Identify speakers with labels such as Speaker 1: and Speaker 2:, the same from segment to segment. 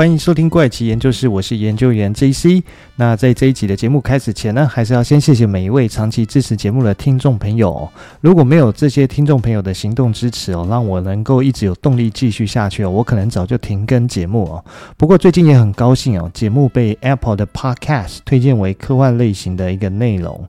Speaker 1: 歡迎收聽《怪奇研究室》，我是研究員 JC。那在這一集的節目開始前呢，還是要先謝謝每一位長期支持節目的聽眾朋友。如果沒有這些聽眾朋友的行動支持哦，讓我能夠一直有動力繼續下去哦，我可能早就停更節目哦。不過最近也很高興哦，節目被 Apple 的 Podcast 推薦為科幻類型的一個內容。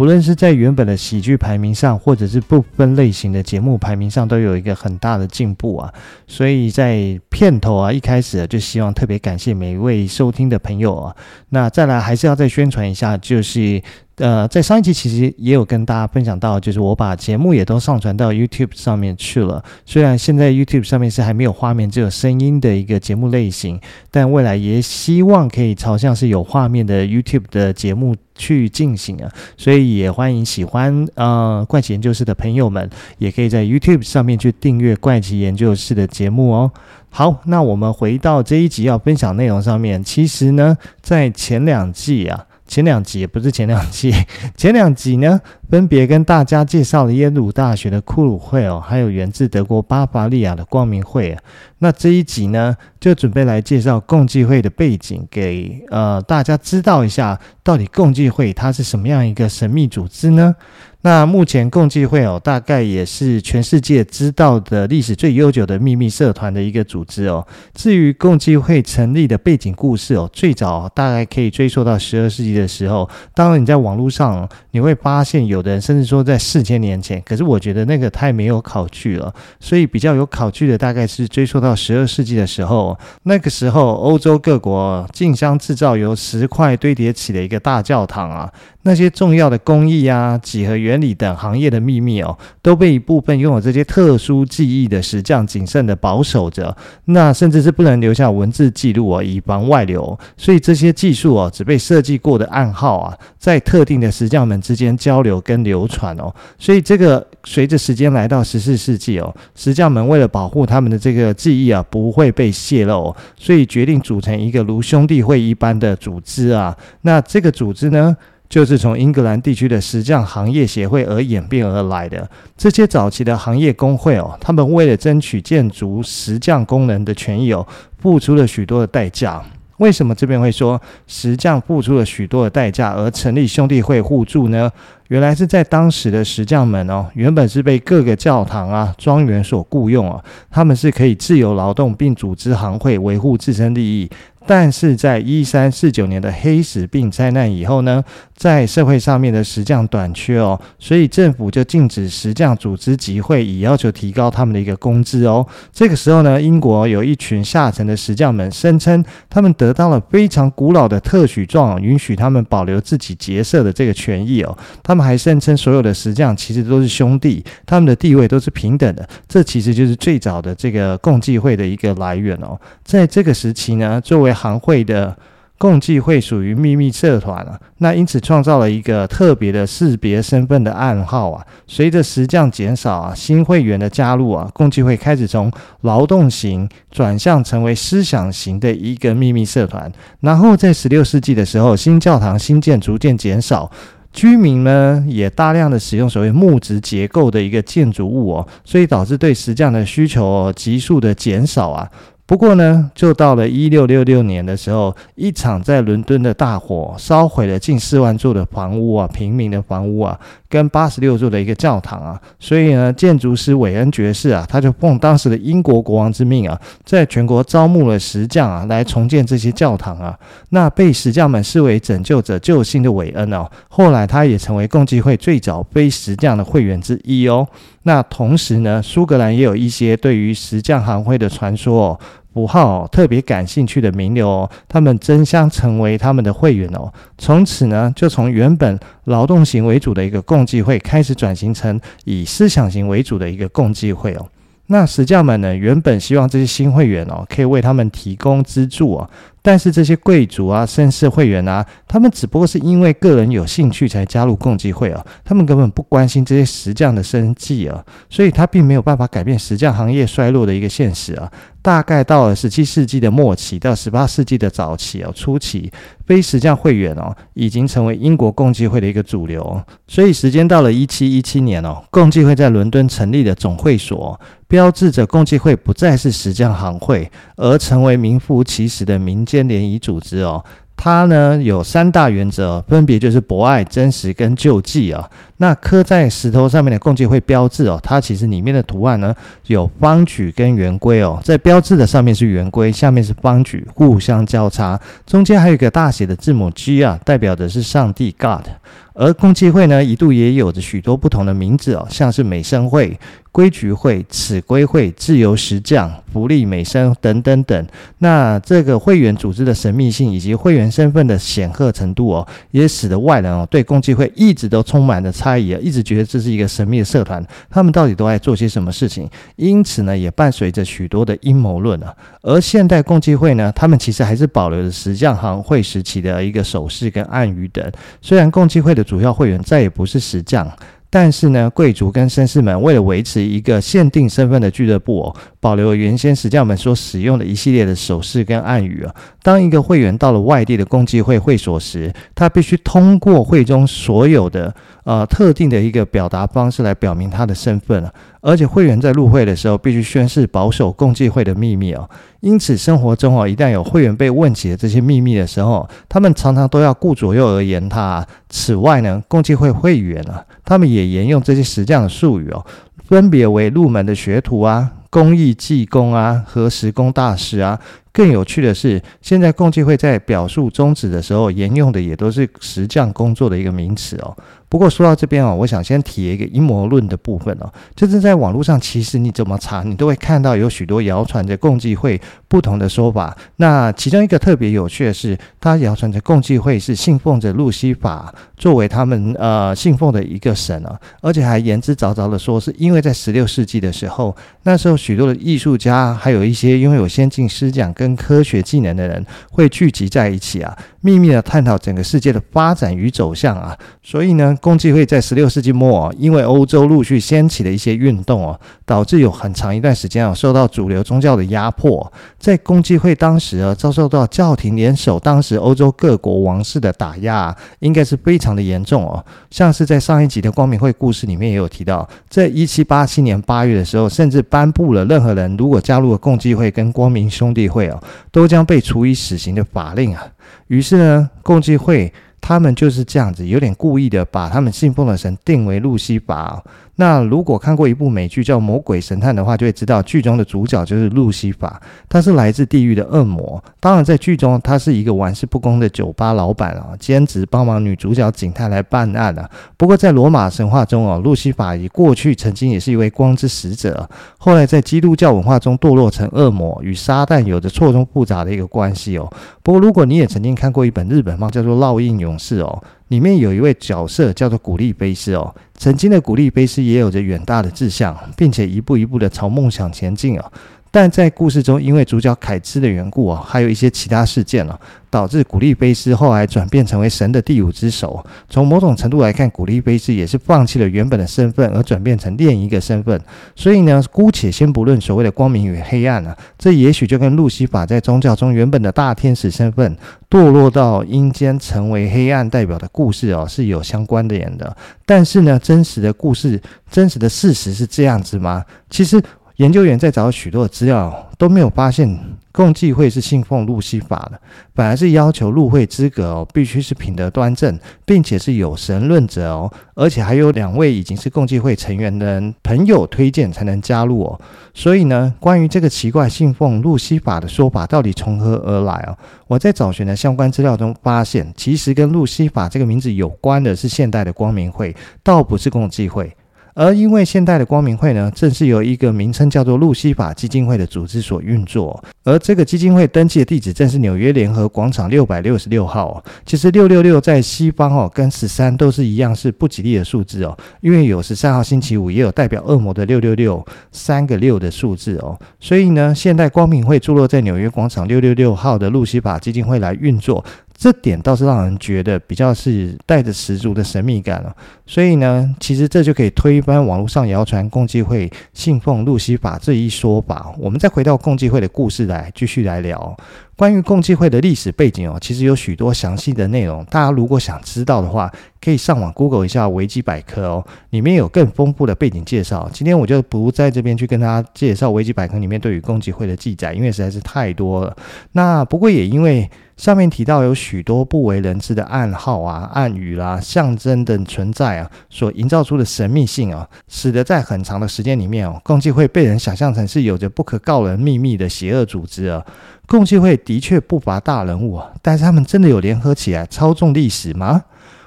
Speaker 1: 無論是在原本的喜劇排名上，或者是不分類型的節目排名上，都有一個很大的進步啊！所以在片頭啊一開始就希望特別感謝每一位收聽的朋友啊，那再來還是要再宣傳一下，就是。呃，在上一集其實也有跟大家分享到，就是我把節目也都上傳到 YouTube 上面去了。雖然現在 YouTube 上面是還沒有畫面，只有聲音的一個節目類型，但未來也希望可以朝向是有畫面的 YouTube 的節目去進行啊。所以也歡迎喜歡呃怪奇研究室的朋友們，也可以在 YouTube 上面去訂閱怪奇研究室的節目哦。好，那我們回到這一集要分享內容上面，其實呢，在前兩季啊。前兩集，也不是前兩集，前兩集呢，分別跟大家介紹了耶魯大學的骷髏會哦，還有源自德國巴伐利亞的光明會。那這一集呢，就準備來介紹共濟會的背景，給，呃，大家知道一下，到底共濟會它是什麼樣一個神秘組織呢？那目前共濟會哦，大概也是全世界知道的歷史最悠久的秘密社團的一個組織哦。至於共濟會成立的背景故事哦，最早大概可以追溯到十二世紀的時候。當然，你在網絡上你會發現，有的人甚至說在四千年前，可是我覺得那個太沒有考據了。所以比較有考據的，大概是追溯到十二世紀的時候。那個時候，歐洲各國啊，競相製造由石塊堆疊起的一個大教堂啊。那些重要的工藝啊、幾何原理等行業的秘密哦，都被一部分擁有這些特殊技藝的石匠謹慎的保守着。那甚至是不能留下文字記錄哦，以防外流。所以這些技術哦，只被設計過的暗號啊，在特定的石匠們之間交流跟流傳哦。所以這個隨着時間來到十四世紀哦，石匠們為了保護他們的這個技藝啊，不會被泄露哦，所以決定組成一個如兄弟會一般的組織啊。那這個組織呢？就是從英格蘭地區的石匠行業協會而演變而來的。這些早期的行業工會哦，他們為了爭取建築石匠工人的權益哦，付出了許多的代價。為什麼這邊會說石匠付出了許多的代價而成立兄弟會互助呢？原來是在當時的石匠們哦，原本是被各個教堂啊、莊園所雇用啊，他們是可以自由勞動並組織行會維護自身利益。但是在一三四九年的黑死病災難以後呢，在社會上面的石匠短缺哦，所以政府就禁止石匠組織集會，以要求提高他們的一個工資哦。這個時候呢，英國有一群下層的石匠們聲稱，他們得到了非常古老的特許狀，允許他們保留自己結社的這個權益哦。他們還聲稱，所有的石匠其實都是兄弟，他們的地位都是平等的。這其實就是最早的這個共濟會的一個來源哦。在這個時期呢，作為行會的共濟會屬於秘密社團啊，那因此創造了一個特別的識別身份的暗號啊。隨着石匠減少啊，新會員的加入啊，共濟會開始從勞動型轉向成為思想型的一個秘密社團。然後在十六世紀的時候，新教堂新建逐漸減少，居民呢也大量的使用所謂木質結構的一個建築物哦，所以導致對石匠的需求急速的減少啊。不過呢，就到了一六六六年的時候，一場在倫敦的大火燒毀了近四萬座的房屋啊，平民的房屋啊，跟八十六座的一個教堂啊。所以呢，建築師韋恩爵士啊，他就奉當時的英國國王之命啊，在全國招募了石匠啊，來重建這些教堂啊。那被石匠們視為拯救者救星的韋恩哦、啊，後來他也成為共濟會最早非石匠的會員之一哦。那同時呢，蘇格蘭也有一些對於石匠行會的傳說哦、符號特別感興趣的名流哦，他們爭相成為他們的會員哦。從此呢，就從原本勞動型為主的一個共濟會，開始轉型成以思想型為主的一個共濟會哦。那石匠們呢，原本希望這些新會員哦，可以為他們提供資助哦。但是這些貴族啊、紳士會員啊，他們只不過是因為個人有興趣才加入共濟會啊，他們根本不關心這些石匠的生計啊，所以他並沒有辦法改變石匠行業衰落的一個現實啊。大概到了十七世紀的末期到十八世紀的早期啊初期，非石匠會員哦、啊、已經成為英國共濟會的一個主流。所以時間到了一七一七年哦，共濟會在倫敦成立的總會所，標誌着共濟會不再是石匠行會，而成為名副其實的民。先聯誼組織哦，它呢有三大原則哦，分別就是博愛、真實跟救濟啊哦。那刻在石頭上面的共濟會標誌哦，它其實裡面的圖案呢有方矩跟圓規哦，在標誌的上面是圓規，下面是方矩，互相交叉，中間還有一個大寫的字母 G 啊，代表的是上帝 God。而共濟會呢，一度也有着許多不同的名字哦，像是美生會。規矩會、尺規會、自由石匠、福利美生等等等。那這個會員組織的神秘性以及會員身份的顯赫程度哦，也使得外人哦對共濟會一直都充滿了猜疑，一直覺得這是一個神秘的社團。他們到底都在做些什麼事情？因此呢，也伴隨着許多的陰謀論啊。而現代共濟會呢，他們其實還是保留着石匠行會時期的一個手勢跟暗語等。雖然共濟會的主要會員再也不是石匠。但是呢，貴族跟紳士們為了維持一個限定身份的俱樂部哦，保留原先石匠們所使用的一系列的手勢跟暗語啊。當一個會員到了外地的共濟會會所時，他必須通過會中所有的呃特定的一個表達方式來表明他的身份啊。而且會員在入會的時候必須宣誓，保守共濟會的秘密哦，因此生活中哦一旦有會員被問起的這些秘密的時候，他們常常都要顧左右而言他啊。此外呢，共濟會會員啊，他們也沿用這些石匠的術語哦，分別為入門的學徒啊。工藝技工啊，和石工大師啊，更有趣的是，現在共濟會在表述宗旨的時候，沿用的也都是石匠工作的一個名詞哦。不過說到這邊啊、哦，我想先提一個陰謀論的部分哦，就是在網絡上，其實你怎麼查，你都會看到有許多謠傳著共濟會不同的說法。那其中一個特別有趣的是，他謠傳著共濟會是信奉着路西法作為他們呃信奉的一個神啊、哦，而且還言之鑿鑿的說是因為在十六世紀的時候，那時候。許多的藝術家，還有一些擁有先進思想跟科學技能的人，會聚集在一起啊，秘密的探討整個世界的發展與走向啊。所以呢，共濟會在十六世紀末，啊，因為歐洲陸續掀起了一些運動哦，啊，導致有很長一段時間啊，受到主流宗教的壓迫。在共濟會當時啊，遭受到教廷聯手當時歐洲各國王室的打壓，啊，應該是非常的嚴重哦，啊。像是在上一集的光明會故事裡面也有提到，在一七八七年八月的時候，甚至頒布。了任何人，如果加入了共濟會跟光明兄弟會哦，都將被處以死刑的法令啊。於是呢，共濟會他們就是這樣子，有點故意的把他們信奉的神定為路西法哦。那如果看過一部美劇叫《魔鬼神探》的話，就會知道劇中的主角就是路西法，他是來自地獄的惡魔。當然，在劇中他是一個玩世不恭的酒吧老板啊，兼職幫忙女主角警探來辦案啊。不過，在羅馬神話中哦、啊，路西法以過去曾經也是一位光之使者，後來在基督教文化中墮落成惡魔，與撒旦有着錯綜複雜的一個關係哦。不過，如果你也曾經看過一本日本漫叫做《烙印勇士》哦，裡面有一位角色叫做古利菲斯哦。曾經的古利貝斯也有着遠大的志向，並且一步一步的朝夢想前進哦。但在故事中，因為主角凱茲的緣故啊，還有一些其他事件了，啊，導致古麗菲斯後來轉變成為神的第五只手。從某種程度來看，古麗菲斯也是放棄了原本的身份，而轉變成另一個身份。所以呢，姑且先不論所謂的光明與黑暗啊，這也許就跟路西法在宗教中原本的大天使身份墮落到陰間，成為黑暗代表的故事哦，啊，是有相關聯的。但是呢，真實的故事，真實的事實是這樣子嗎？其實。研究員在找許多的資料，都沒有發現共濟會是信奉路西法的。反而是要求入會資格哦，必須是品德端正，並且是有神論者哦，而且還有兩位已經是共濟會成員的朋友推薦才能加入哦。所以呢，關於這個奇怪信奉路西法的說法到底從何而來哦，我在找尋的相關資料中發現，其實跟路西法這個名字有關的是現代的光明會，倒不是共濟會。而因為現代的光明會呢，正是由一個名稱叫做路西法基金會的組織所運作，而這個基金會登記的地址正是紐約聯合廣場六百六十六號。其實六六六在西方哦，跟十三都是一樣是不吉利的數字哦，因為有十三號星期五，也有代表惡魔的六六六三個六的數字哦，所以呢，現代光明會坐落在紐約廣場六六六號的路西法基金會來運作。這點倒是讓人覺得比較是帶着十足的神秘感了，啊，所以呢，其實這就可以推翻網絡上謠傳共濟會信奉路西法這一說法。我們再回到共濟會的故事來繼續來聊。關於共濟會的歷史背景哦，其實有許多詳細的內容。大家如果想知道的話，可以上網 Google 一下維基百科哦，裡面有更豐富的背景介紹。今天我就不在這邊去跟大家介紹維基百科裡面對於共濟會的記載，因為實在是太多了。那不過也因為上面提到有許多不為人知的暗號啊、暗語啦、啊、象徵等存在啊，所營造出的神秘性啊，使得在很長的時間裡面哦，共濟會被人想象成是有着不可告人秘密的邪惡組織啊。共濟會的確不乏大人物啊，但是他們真的有聯合起來操縱歷史嗎？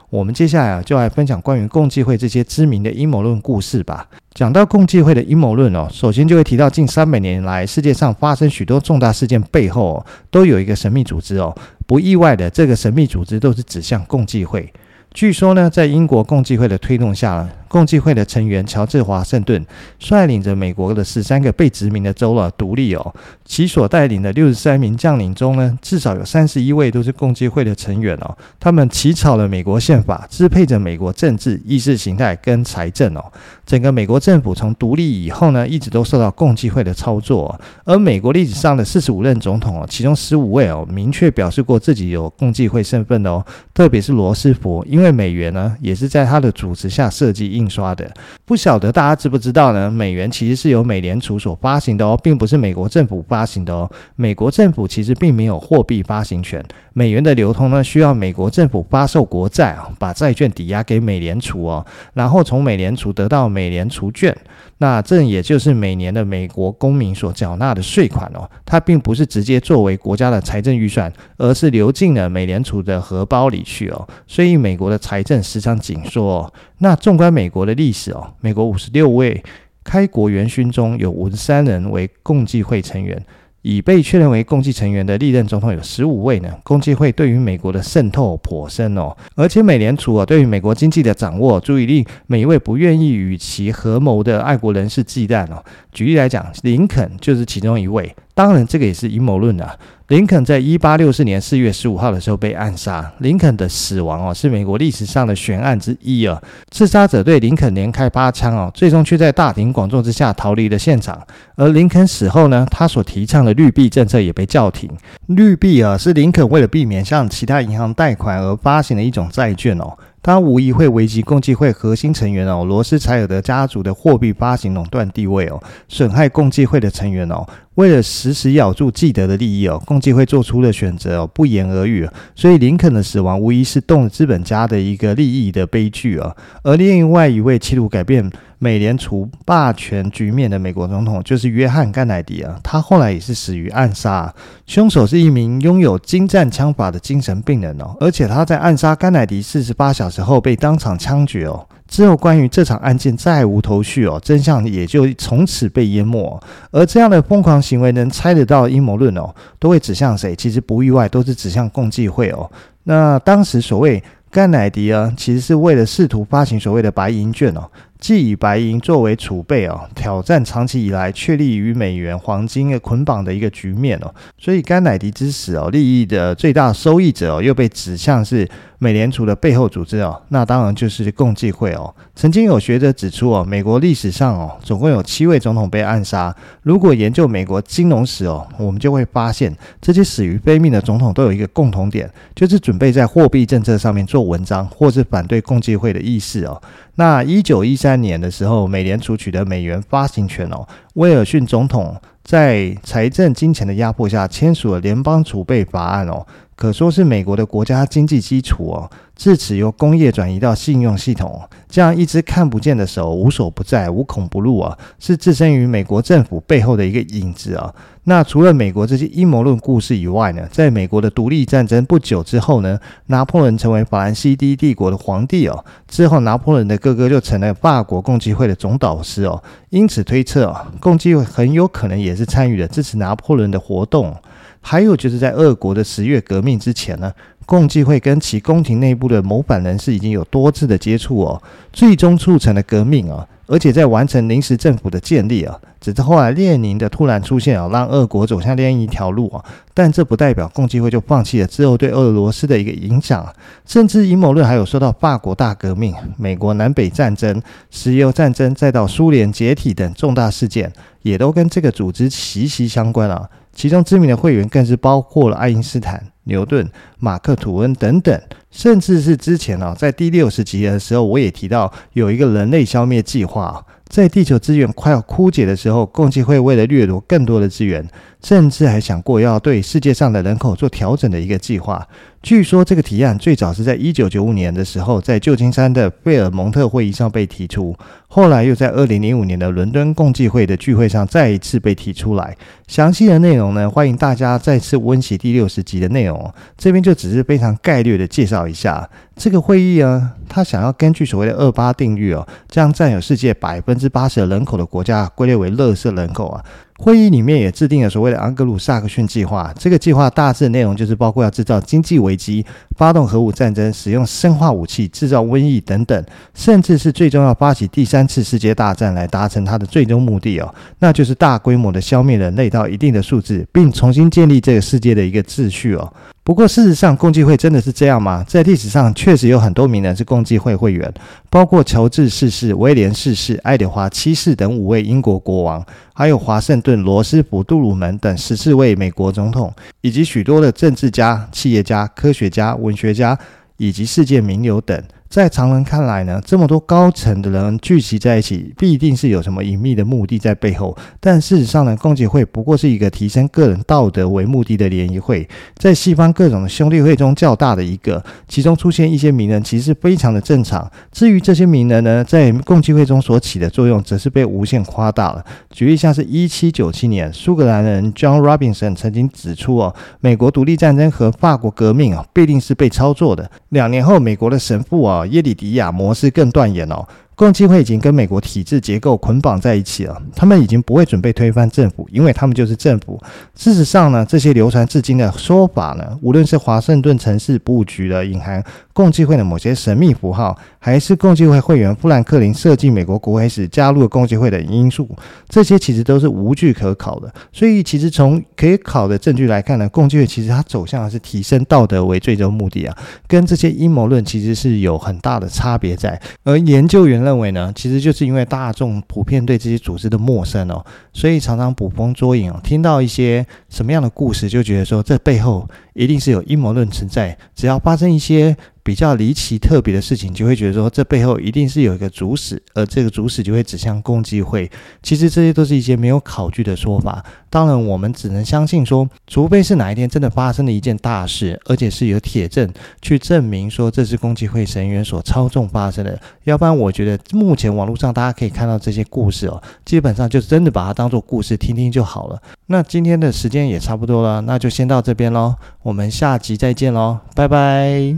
Speaker 1: 我們接下來啊，就來分享關於共濟會這些知名的陰謀論故事吧。講到共濟會的陰謀論哦，首先就會提到近三百年來世界上發生許多重大事件背後哦，都有一個神秘組織哦，不意外的，這個神秘組織都是指向共濟會。據說呢，在英國共濟會的推動下。共濟會的成員喬治華盛頓率領着美國的十三個被殖民的州啊獨立哦，其所帶領的六十三名將領中呢，至少有三十一位都是共濟會的成員哦。他們起草了美國憲法，支配着美國政治意識形態跟財政哦。整個美國政府從獨立以後呢，一直都受到共濟會的操作哦。而美國歷史上的四十五任總統哦，其中十五位哦，明確表示過自己有共濟會身份的哦。特別是羅斯福，因為美元呢，也是在他的主持下設計印刷的，不曉得大家知不知道呢？美元其實是由美聯儲所發行的哦，並不是美國政府發行的哦。美國政府其實並沒有貨幣發行權，美元的流通呢，需要美國政府發售國債啊，把債券抵押給美聯儲哦，然後從美聯儲得到美聯儲券。那這也就是每年的美國公民所繳納的稅款哦，它並不是直接作為國家的財政預算，而是流進了美聯儲的荷包裡去哦。所以美國的財政時常緊縮哦。那縱觀美。美國的歷史哦，美國五十六位開國元勳中有五十三人為共濟會成員，已被確認為共濟成員的歷任總統有十五位呢。共濟會對於美國的滲透頗深哦，而且美聯儲啊對於美國經濟的掌握，足以令每一位不願意與其合謀的愛國人士忌憚哦。舉例來講，林肯就是其中一位。當然，這個也是陰謀論的、啊。林肯在一八六四年四月十五號的時候被暗殺。林肯的死亡哦，是美國歷史上的懸案之一啊、哦。刺殺者對林肯連開八槍哦，最終卻在大庭廣眾之下逃離了現場。而林肯死後呢，他所提倡的綠幣政策也被叫停。綠幣啊，是林肯為了避免向其他銀行貸款而發行的一種債券哦。它無疑會危及共濟會核心成員哦，羅斯柴爾德家族的貨幣發行壟斷地位哦，損害共濟會的成員哦。為了實時，時咬住既得的利益哦，共濟會做出的選擇哦，不言而喻。所以林肯的死亡無疑是動了資本家的一個利益的悲劇啊、哦。而另外一位企圖改變。美聯儲霸權局面的美國總統就是約翰·甘乃迪啊，他後來也是死於暗殺，凶手是一名擁有精湛槍法的精神病人哦，而且他在暗殺甘乃迪四十八小時後被當場槍決哦。之後關於這場案件再無頭緒哦，真相也就從此被淹沒哦。而這樣的瘋狂行為能猜得到陰謀論哦，都會指向誰？其實不意外，都是指向共濟會哦。那當時所謂甘乃迪啊，其實是為了試圖發行所謂的白銀券哦。既以白銀作為儲備哦，挑戰長期以來確立於美元黃金的捆綁的一個局面哦，所以甘乃迪之死哦，利益的最大收益者哦，又被指向是美聯儲的背後組織哦，那當然就是共濟會哦。曾經有學者指出哦，美國歷史上哦，總共有七位總統被暗殺，如果研究美國金融史哦，我們就會發現這些死於非命的總統都有一個共同點，就是準備在貨幣政策上面做文章，或是反對共濟會的意識哦。那一九一三三年的時候，美聯儲取得美元發行權哦。威爾遜總統在財政金錢的壓迫下簽署了聯邦儲備法案哦。可說是美國的國家經濟基礎哦，自此由工業轉移到信用系統，這樣一只看不見的手無所不在、無孔不入啊，是置身於美國政府背後的一個影子啊、哦。那除了美國這些陰謀論故事以外呢，在美國的獨立戰爭不久之後呢，拿破崙成為法蘭西第一帝、帝國的皇帝哦，之後拿破崙的哥哥就成了法國共濟會的總導師哦，因此推測哦，共濟會很有可能也是參與了支持拿破崙的活動。還有就是在俄國的十月革命之前呢，共濟會跟其宮廷內部的謀反人士已經有多次的接觸哦，最終促成了革命啊，而且在完成臨時政府的建立啊，只是後來列寧的突然出現啊，讓俄國走向另一條路啊，但這不代表共濟會就放棄了之後對俄羅斯的一個影響啊，甚至陰謀論還有說到法國大革命、美國南北戰爭、石油戰爭，再到蘇聯解體等重大事件，也都跟這個組織息息相關啊。其中知名的會員更是包括了愛因斯坦、牛頓、馬克吐溫等等，甚至是之前哦、啊，在第六十集的時候，我也提到有一個人類消滅計劃，在地球資源快要枯竭的時候，共濟會為了掠奪更多的資源。甚至還想過要對世界上的人口做調整的一個計劃。據說這個提案最早是在一九九五年的時候，在舊金山的貝爾蒙特會議上被提出，後來又在二零零五年的倫敦共濟會的聚會上再一次被提出來。詳細的內容呢，歡迎大家再次溫習第六十集的內容哦。這邊就只是非常概略的介紹一下這個會議啊，他想要根據所謂的二八定律哦，將占有世界百分之八十的人口的國家歸類為垃圾人口啊。會議裡面也制定了所謂的“盎格魯撒克遜計劃”。這個計劃大致的內容就是包括要製造經濟危機、發動核武戰爭、使用生化武器、製造瘟疫等等，甚至是最終要發起第三次世界大戰來達成它的最終目的哦，那就是大規模的消滅人類到一定的數字，並重新建立這個世界的一個秩序哦。不過，事實上，共濟會真的是這樣嗎？在歷史上，確實有很多名人是共濟會會員，包括喬治四世、威廉四世、愛德華七世等五位英國國王，還有華盛頓、羅斯福、杜魯門等十四位美國總統，以及許多的政治家、企業家、科學家、文學家，以及世界名流等。在常人看來呢，這麼多高層的人聚集在一起，必定是有什麼隱秘的目的在背後。但事實上呢，共濟會不過是一個提升個人道德為目的的聯誼會，在西方各種的兄弟會中較大的一個。其中出現一些名人，其實是非常的正常。至於這些名人呢，在共濟會中所起的作用，則是被無限誇大了。舉例像是一七九七年，蘇格蘭人 John Robinson 曾經指出哦，美國獨立戰爭和法國革命啊，必定是被操作的。兩年後，美國的神父啊。耶里迪亞·模式更斷言哦。共濟會已經跟美國體制結構捆綁在一起了，他們已經不會準備推翻政府，因為他們就是政府。事實上呢，這些流傳至今的說法呢，無論是華盛頓城市布局的隱含共濟會的某些神秘符號，還是共濟會會員富蘭克林設計美國國徽時加入了共濟會的因素，這些其實都是無據可考的。所以，其實從可以考的證據來看呢，共濟會其實它走向的是提升道德為最終目的啊，跟這些陰謀論其實是有很大的差別在。而研究員，認為呢，其實就是因為大眾普遍對這些組織的陌生哦，所以常常捕風捉影哦，聽到一些什麼樣的故事，就覺得說這背後一定是有陰謀論存在，只要發生一些。比較離奇特別的事情，就會覺得說這背後一定是有一個主使，而這個主使就會指向共濟會。其實這些都是一些沒有考據的說法。當然，我們只能相信說，除非是哪一天真的發生了一件大事，而且是有鐵證去證明說這是共濟會成員所操縱發生的，要不然我覺得目前網絡上大家可以看到這些故事哦，基本上就真的把它當做故事聽聽就好了。那今天的時間也差不多了，那就先到這邊嘍，我們下集再見嘍，拜拜。